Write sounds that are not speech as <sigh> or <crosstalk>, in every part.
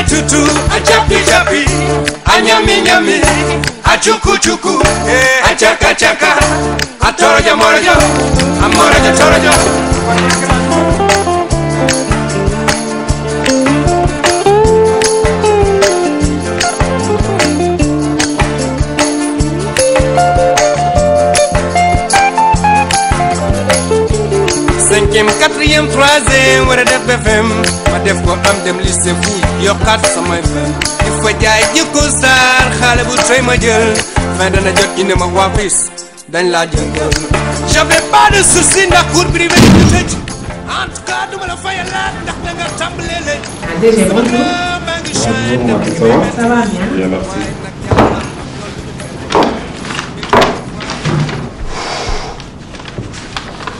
etutu achapichapi anyaminyami achukuchuku achakachaka eh, atorojo morojo amorojo torojo cinquième quatrième troisième war a ma def ko am dem lycée fu yokkaat samay fen di fa jaay jikko saar xaale bu tey ma jël fin dana jot ñu ne ma waa bis dañ laa jël j'avais pas de souci ndax cour privé du tëj en tout cas duma la fayalaat ndax da nga tàmbalee léegi. Ah, maa ngi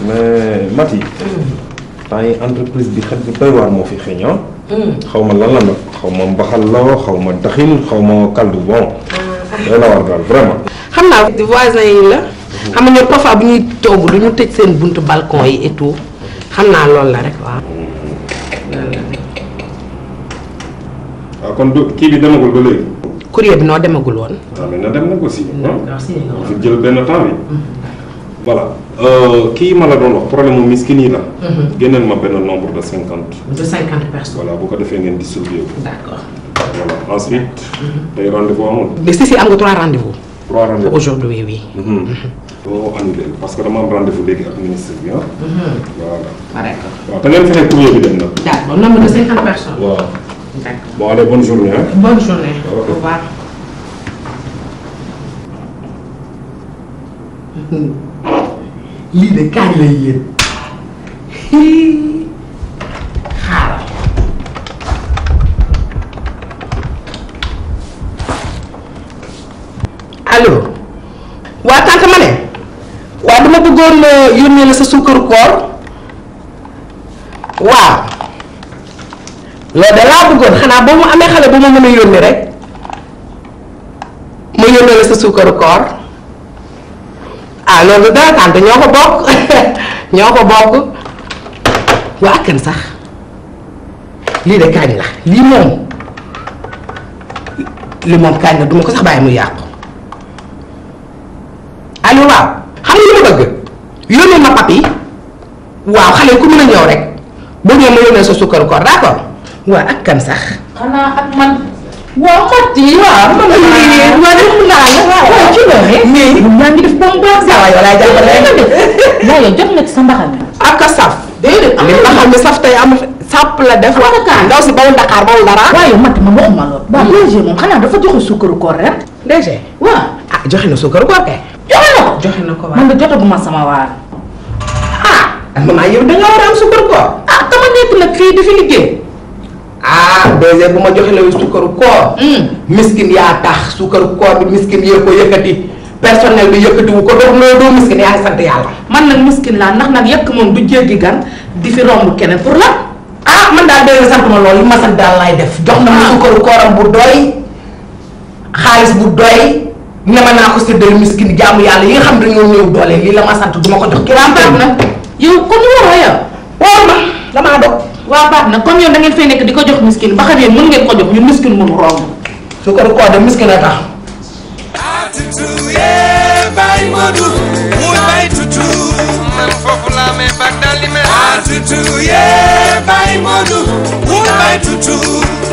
mais Mati. temps yi entreprise bi xet bu doy moo fi xëy ñoom. xaw ma lan la nag ma mbaxal la xaw ma daxil xaw ma kaldu bon. doy la war daal vraiment. xam naa voisin yi la. xam nga ñoom bu ñuy toog du ñu tëj seen buntu balcon yi et tout xam naa loolu la rek waaw. Ah, kon du kii bi demagul ba léegi. courrier bi noo demagul woon. waaw ah, mais na dem nag aussi. Ah. jël benn temps bi. Mm-hmm. voilà euh, kii ma la doon wax problème mu miskin yi la. Mhm. génneel ma benn nombre de cinquante. de cinquante bu ko defee ngeen distribué ko. d' accord. voilà ensuite. Mhm. tey rendez-vous amul. mais parce que dama am rendez-vous léegi ak ministre bi ah. Mhm. voilà. Ah, waaw da ngeen fexe courrier bi dem na. nombre de cinquante personnes. waaw. d' accord bon journée. bonne journée. au <laughs> lii de kaay lay yéen <laughs> xaaral waa tante ma ne waa dama bëggoon yónnee la sa suukar koor waaw loolu de laa bëggoon xanaa ba mu amee xale bu ma mën a yónni rek ma yónnee la sa suukar koor ah loolu du dara tànt ñoo ko bokk <laughs> ñoo ko bokk waa kan sax lii de kañ la lii moom li moom kañ la duma ko sax bàyyi mu yàqu allo waaw xam nga li ma bëgg yónnee ma papi waaw xale ku mën a ñëw rek bu ñëw ma yónnee sa sukkaru koor d'accord waaw ak kan sax waaw mat yi waaw man la ma ne mun naa la waaw ci loolu mais yaa ngi def bon baax saa waaye walaay jàppale nga def waaye jot nga ci sa mbaxal ak a saf déedéet am na xam ne saf tey am sàpp la def wax ndaw si bawul Dakar bawul dara waaye mat ma ma ma lool waaw DG moom xanaa dafa joxe sukkaru koor ren DG waaw ah joxe na sukkaru koor kay joxe na ko joxe na ko waaw man de jotaguma sama waar ah maman yow da nga war a am sukkaru koor ah dama nekk nag fii di fi liggéey ah DG bu ma joxe la sukkaru koor. Hmm. miskin yaa tax sukkaru koor bi miskin yee ko yëkkati personnel bi yëkkatiwu ko dox noo doo miskin yaa sant yàlla. man nag miskin laa ndax nag yëkk moom du jéggi gan di fi romb keneen pour la ah man daal DG sant ma loolu li ma sant daal laay def. jox na ma ah. sukkaru kooram bu doy xaalis bu doy. ne ma naa ko séddale miskin jaamu yàlla yi nga xam dañoo néew doole lii la ma sant du ma ko jox. kii la am na yow comme waroo waa baax na comme yow da ngeen fay nekk di ko jox miskin ba xam yéen mën ngeen ko jox ñu miskin mënu romb. su ko ko dem miskin a tax.